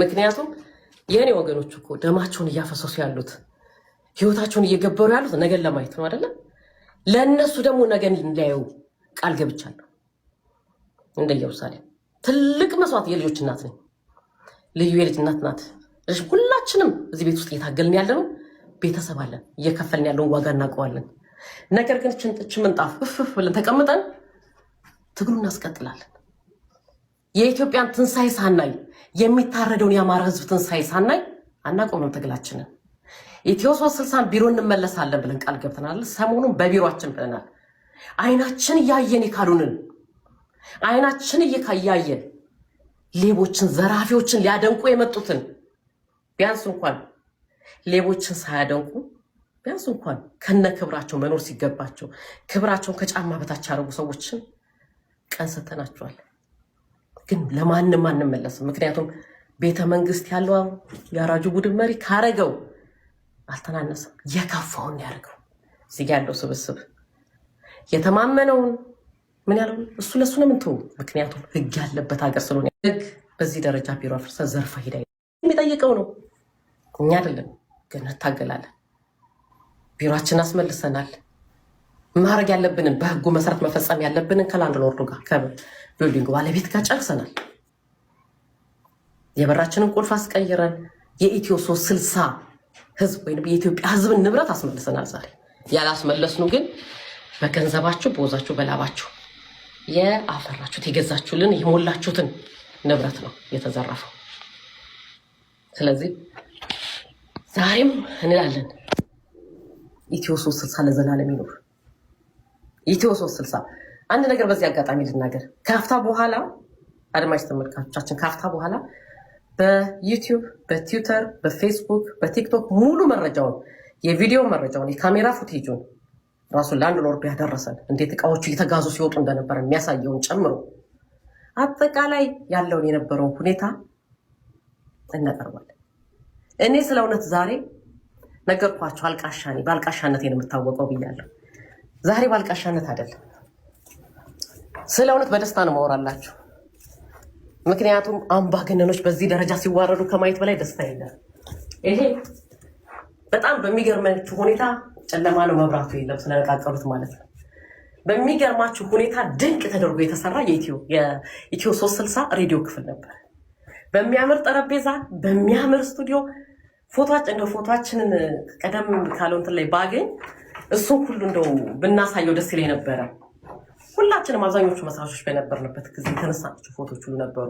ምክንያቱም የእኔ ወገኖች እኮ ደማቸውን እያፈሰሱ ያሉት ህይወታቸውን እየገበሩ ያሉት ነገን ለማየት ነው አይደለም። ለእነሱ ደግሞ ነገን ሊያዩ ቃል ገብቻለሁ። እንደ ኢየሩሳሌም ትልቅ መስዋዕት የልጆች እናት ነኝ። ልዩ የልጅ እናት ናት። ሁላችንም እዚህ ቤት ውስጥ እየታገልን ያለ ነው። ቤተሰብ አለን። እየከፈልን ያለውን ዋጋ እናውቀዋለን። ነገር ግን ችንጥች ምንጣፍ እፍፍ ብለን ተቀምጠን ትግሉ እናስቀጥላለን። የኢትዮጵያን ትንሣኤ ሳናይ የሚታረደውን የአማራ ህዝብ ትንሣኤ ሳናይ አናቆምም ትግላችንን። ኢትዮ ሶስት ስልሳን ቢሮ እንመለሳለን ብለን ቃል ገብተናል። ሰሞኑን በቢሮችን ብለናል። አይናችን እያየን የካሉንን አይናችን እያየን ሌቦችን፣ ዘራፊዎችን ሊያደንቁ የመጡትን ቢያንስ እንኳን ሌቦችን ሳያደንቁ ቢያንስ እንኳን ከነ ክብራቸው መኖር ሲገባቸው ክብራቸውን ከጫማ በታች ያደረጉ ሰዎችን ቀን ሰተናቸዋል። ግን ለማንም አንመለስም። ምክንያቱም ቤተ መንግስት ያለው የአራጁ ቡድን መሪ ካረገው አልተናነሰም፣ የከፋውን ያደርገው። እዚህ ያለው ስብስብ የተማመነውን ምን ያለው እሱ ለሱ ነው ምንትው። ምክንያቱም ህግ ያለበት ሀገር ስለሆነ ህግ በዚህ ደረጃ ቢሮ አፍርሰ ዘርፈ ሄዳ የሚጠይቀው ነው። እኛ አይደለም ግን እንታገላለን። ቢሮችን አስመልሰናል። ማድረግ ያለብንን በህጉ መሰረት መፈጸም ያለብንን ከላንድ ሎርዱ ጋር ቢልዲንግ ባለቤት ጋር ጨርሰናል። የበራችንን ቁልፍ አስቀይረን የኢትዮ ሶስት ስልሳ ህዝብ ወይም የኢትዮጵያ ህዝብን ንብረት አስመልሰናል። ዛሬ ያላስመለስኑ ግን በገንዘባችሁ፣ በወዛችሁ፣ በላባችሁ የአፈራችሁት የገዛችሁልን የሞላችሁትን ንብረት ነው የተዘረፈው። ስለዚህ ዛሬም እንላለን ኢትዮ ሶስት ስልሳ ለዘላለም ይኖር። ኢትዮ ሶስት ስልሳ አንድ ነገር በዚህ አጋጣሚ ልናገር። ከሀፍታ በኋላ አድማጭ ተመልካቾቻችን፣ ከሀፍታ በኋላ በዩቲዩብ፣ በትዊተር፣ በፌስቡክ፣ በቲክቶክ ሙሉ መረጃውን የቪዲዮ መረጃውን የካሜራ ፉቴጁን ራሱ ለአንድ ሎርድ ያደረሰን እንዴት እቃዎቹ እየተጋዙ ሲወጡ እንደነበረ የሚያሳየውን ጨምሮ አጠቃላይ ያለውን የነበረውን ሁኔታ እናቀርባለን። እኔ ስለ እውነት ዛሬ ነገርኳቸው። አልቃሻ በአልቃሻነት የምታወቀው ብያለሁ። ዛሬ በአልቃሻነት አይደለም ስለ እውነት በደስታ ነው ማወራላችሁ። ምክንያቱም አምባገነኖች በዚህ ደረጃ ሲዋረዱ ከማየት በላይ ደስታ የለም። ይሄ በጣም በሚገርማችሁ ሁኔታ ጨለማ ነው መብራቱ የለም ስለነቃቀሉት ማለት ነው። በሚገርማችሁ ሁኔታ ድንቅ ተደርጎ የተሰራ የኢትዮ ሶስት ስልሳ ሬዲዮ ክፍል ነበር። በሚያምር ጠረጴዛ፣ በሚያምር ስቱዲዮ ፎቶችን እንደ ፎቶችንን ቀደም ካለው እንትን ላይ ባገኝ እሱን ሁሉ እንደው ብናሳየው ደስ ይለኝ ነበረ። ሁላችንም አብዛኞቹ መስራቾች በነበርንበት ጊዜ የተነሳቸው ፎቶች ሁሉ ነበሩ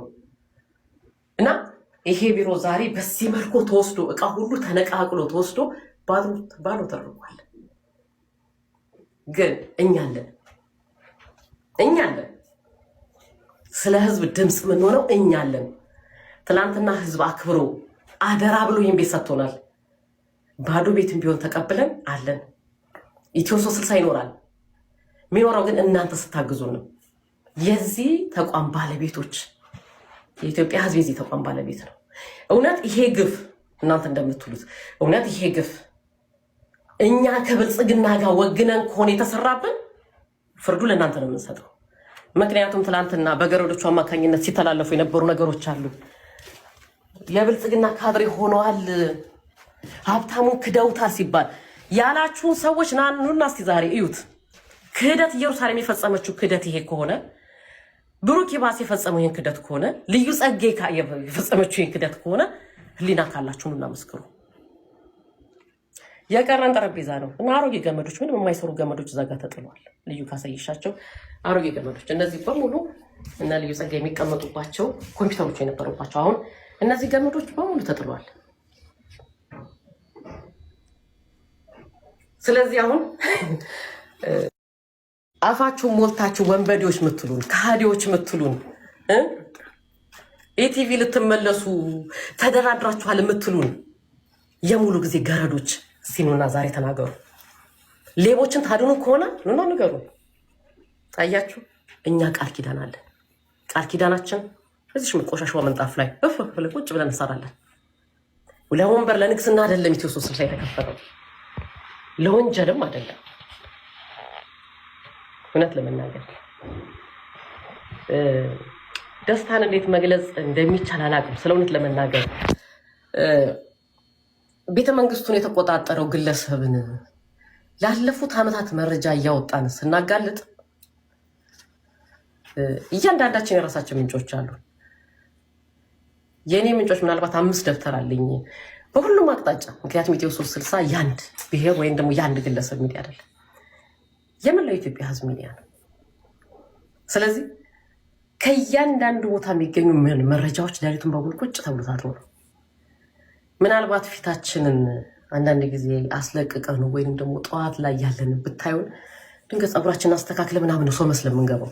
እና ይሄ ቢሮ ዛሬ በዚህ መልኩ ተወስዶ እቃ ሁሉ ተነቃቅሎ ተወስዶ ባዶ ተደርጓል። ግን እኛ አለን እኛ አለን ስለ ህዝብ ድምፅ የምንሆነው እኛ አለን። ትናንትና ህዝብ አክብሮ አደራ ብሎ ይህን ቤት ሰጥቶናል። ባዶ ቤትም ቢሆን ተቀብለን አለን። ኢትዮ ሶስት ስልሳ ይኖራል። የሚኖረው ግን እናንተ ስታግዙ ነው። የዚህ ተቋም ባለቤቶች የኢትዮጵያ ሕዝብ የዚህ ተቋም ባለቤት ነው። እውነት ይሄ ግፍ እናንተ እንደምትሉት እውነት ይሄ ግፍ እኛ ከብልጽግና ጋር ወግነን ከሆነ የተሰራብን ፍርዱ ለእናንተ ነው የምንሰጠው። ምክንያቱም ትናንትና በገረዶቹ አማካኝነት ሲተላለፉ የነበሩ ነገሮች አሉ። የብልጽግና ካድሬ ሆነዋል፣ ሀብታሙን ክደውታል ሲባል ያላችሁን ሰዎች ናኑና እስቲ ዛሬ እዩት። ክህደት ኢየሩሳሌም የፈጸመችው ክህደት ይሄ ከሆነ ብሩክ ይባስ የፈጸመው ይህን ክህደት ከሆነ ልዩ ጸጌ የፈጸመችው ይህን ክህደት ከሆነ ህሊና ካላችሁ ኑና መስክሩ። የቀረን ጠረጴዛ ነው እና አሮጌ ገመዶች፣ ምንም የማይሰሩ ገመዶች እዛ ጋር ተጥሏል። ልዩ ካሳየሻቸው አሮጌ ገመዶች እነዚህ በሙሉ እና ልዩ ጸጋ የሚቀመጡባቸው ኮምፒውተሮች የነበሩባቸው አሁን እነዚህ ገመዶች በሙሉ ተጥሏል። ስለዚህ አሁን አፋችሁ ሞልታችሁ ወንበዴዎች ምትሉን ከሃዲዎች ምትሉን ኢቲቪ ልትመለሱ ተደራድራችኋል ምትሉን የሙሉ ጊዜ ገረዶች ሲኑና ዛሬ ተናገሩ። ሌቦችን ታድኑ ከሆነ ኑና ንገሩ። አያችሁ፣ እኛ ቃል ኪዳን አለን። ቃል ኪዳናችን እዚሽ ቆሻሻዋ ምንጣፍ ላይ ቁጭ ብለን እንሰራለን። ለወንበር ለንግስና አይደለም ኢትዮ ሶስት ላይ የተከፈተው ለወንጀልም አይደለም። እውነት ለመናገር ደስታን እንዴት መግለጽ እንደሚቻል አላውቅም። ስለ እውነት ለመናገር ቤተ መንግስቱን የተቆጣጠረው ግለሰብን ላለፉት ዓመታት መረጃ እያወጣን ስናጋልጥ እያንዳንዳችን የራሳችን ምንጮች አሉ። የእኔ ምንጮች ምናልባት አምስት ደብተር አለኝ በሁሉም አቅጣጫ። ምክንያቱም ኢትዮ ሶስት ስልሳ ያንድ ብሔር ወይም ደግሞ ያንድ ግለሰብ ሚዲያ አይደለም። የመላው ኢትዮጵያ ህዝብ ሚዲያ ነው። ስለዚህ ከእያንዳንዱ ቦታ የሚገኙ መረጃዎች ዳሪቱን በሙሉ ቁጭ ተብሎ ታድሮ ነው። ምናልባት ፊታችንን አንዳንድ ጊዜ አስለቅቀን ነው ወይም ደግሞ ጠዋት ላይ ያለን ብታዩን ድንገት ፀጉራችንን አስተካክለ ምናምን ሰው መስለ የምንገባው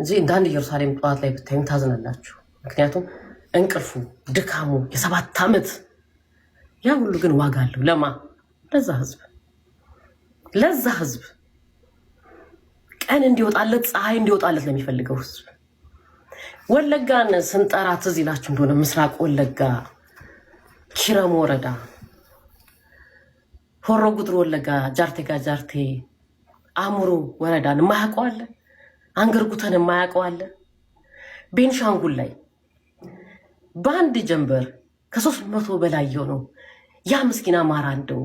እንጂ እንደ አንድ ኢየሩሳሌም ጠዋት ላይ ብታዩን ታዝናላችሁ። ምክንያቱም እንቅልፉ፣ ድካሙ የሰባት ዓመት ያ ሁሉ ግን ዋጋ አለው ለማ ለዛ ህዝብ ለዛ ህዝብ ቀን እንዲወጣለት ፀሐይ እንዲወጣለት ለሚፈልገው ህዝብ ወለጋን ስንጠራ ትዝ ይላችሁ እንደሆነ ምስራቅ ወለጋ፣ ኪረም ወረዳ፣ ሆሮ ጉጥር ወለጋ፣ ጋ ጃርቴ፣ አእምሮ ወረዳን የማያውቀው አለ? አንገርጉተን የማያውቀው አለ? ቤንሻንጉል ላይ በአንድ ጀንበር ከሶስት መቶ በላይ የሆነው ያ ምስኪን አማራ እንደው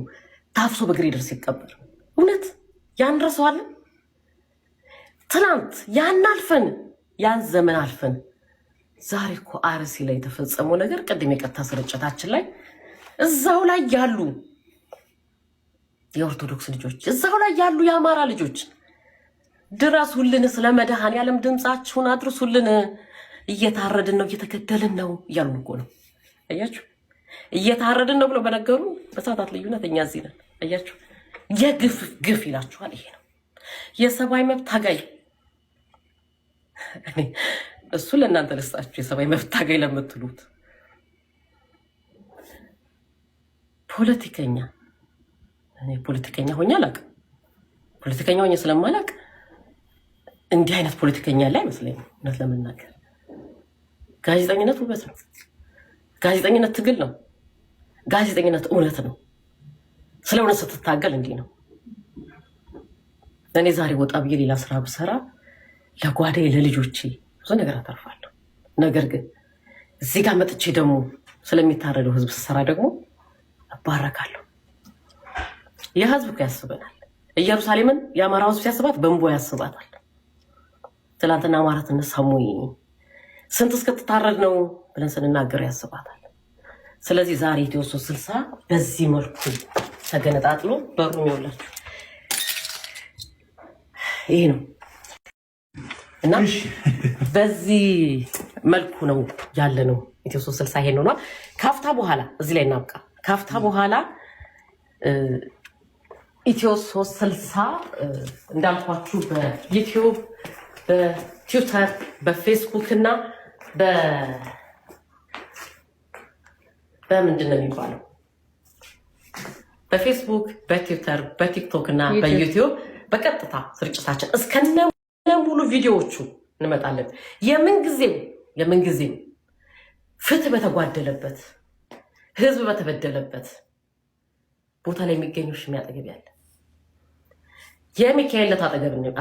ታፍሶ በግሬደር ሲቀበር እውነት ያንረሰዋለን። ትናንት ያን አልፈን ያን ዘመን አልፈን ዛሬ እኮ አርሲ ላይ የተፈጸመው ነገር ቅድም የቀጥታ ስርጭታችን ላይ እዛው ላይ ያሉ የኦርቶዶክስ ልጆች እዛው ላይ ያሉ የአማራ ልጆች ድረሱልን፣ ስለ መድኃኔዓለም ድምፃችሁን አድርሱልን፣ እየታረድን ነው፣ እየተገደልን ነው እያሉ እኮ ነው። አያችሁ፣ እየታረድን ነው ብለው በነገሩ በሰዓታት ልዩነት እኛ እዚህ ነን። አያችሁ የግፍ ግፍ ይላችኋል። ይሄ ነው የሰብአዊ መብት ታጋይ። እሱ ለእናንተ ልስጣችሁ፣ የሰብአዊ መብት ታጋይ ለምትሉት ፖለቲከኛ። እኔ ፖለቲከኛ ሆኜ አላውቅም። ፖለቲከኛ ሆኜ ስለማላውቅ እንዲህ አይነት ፖለቲከኛ ላይ አይመስለኝም። እውነት ለመናገር ጋዜጠኝነት ውበት ነው። ጋዜጠኝነት ትግል ነው። ጋዜጠኝነት እውነት ነው። ስለ እውነት ስትታገል እንዲህ ነው። እኔ ዛሬ ወጣ ብዬ ሌላ ስራ ብሰራ ለጓዴ ለልጆቼ ብዙ ነገር አተርፋለሁ። ነገር ግን እዚህ ጋር መጥቼ ደግሞ ስለሚታረደው ህዝብ ስሰራ ደግሞ እባረካለሁ። ይህ ህዝብ እኮ ያስበናል። ኢየሩሳሌምን የአማራ ህዝብ ሲያስባት በእንባ ያስባታል። ትላንትና አማራ ትነሳሙ ስንት እስክትታረድ ነው ብለን ስንናገር ያስባታል። ስለዚህ ዛሬ ኢትዮ ሶስት ስልሳ በዚህ መልኩ ተገነጣጥሎ በሩ ይውላችሁ። ይሄ ነው እና በዚህ መልኩ ነው ያለ ነው ኢትዮ ሶስት ስልሳ ይሄን ሆኗል። ካፍታ በኋላ እዚህ ላይ እናብቃ። ካፍታ በኋላ ኢትዮ ሶስት ስልሳ እንዳልኳችሁ በዩቲዩብ በትዊተር በፌስቡክ እና በምንድን ነው የሚባለው በፌስቡክ፣ በትዊተር፣ በቲክቶክ እና በዩቲዩብ በቀጥታ ስርጭታችን እስከነ ሙሉ ቪዲዮዎቹ እንመጣለን። የምንጊዜም የምንጊዜም ፍትህ በተጓደለበት ህዝብ በተበደለበት ቦታ ላይ የሚገኘው ሽሚ አጠገብ ያለ የሚካኤለት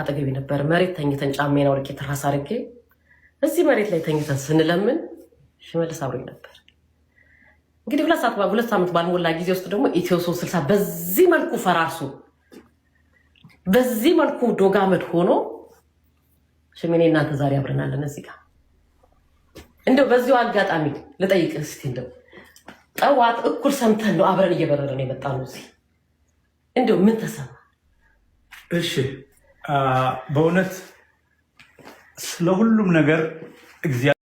አጠገቢ ነበር። መሬት ተኝተን ጫሜን አውርቄ ትራስ አድርጌ እዚህ መሬት ላይ ተኝተን ስንለምን ሽመልስ አብሮኝ ነበር። እንግዲህ ሁለት ሰዓት ሁለት ዓመት ባልሞላ ጊዜ ውስጥ ደግሞ ኢትዮ ሶስት ስልሳ በዚህ መልኩ ፈራርሶ በዚህ መልኩ ዶጋመድ ሆኖ ሽሚኔ እናንተ ዛሬ አብረናለን እዚህ ጋር እንደው በዚሁ አጋጣሚ ልጠይቅ እስኪ እንደው ጠዋት እኩል ሰምተን ነው አብረን እየበረረን የመጣ ነው እዚህ እንደው ምን ተሰማ? እሺ በእውነት ስለሁሉም ነገር እግዚአብሔር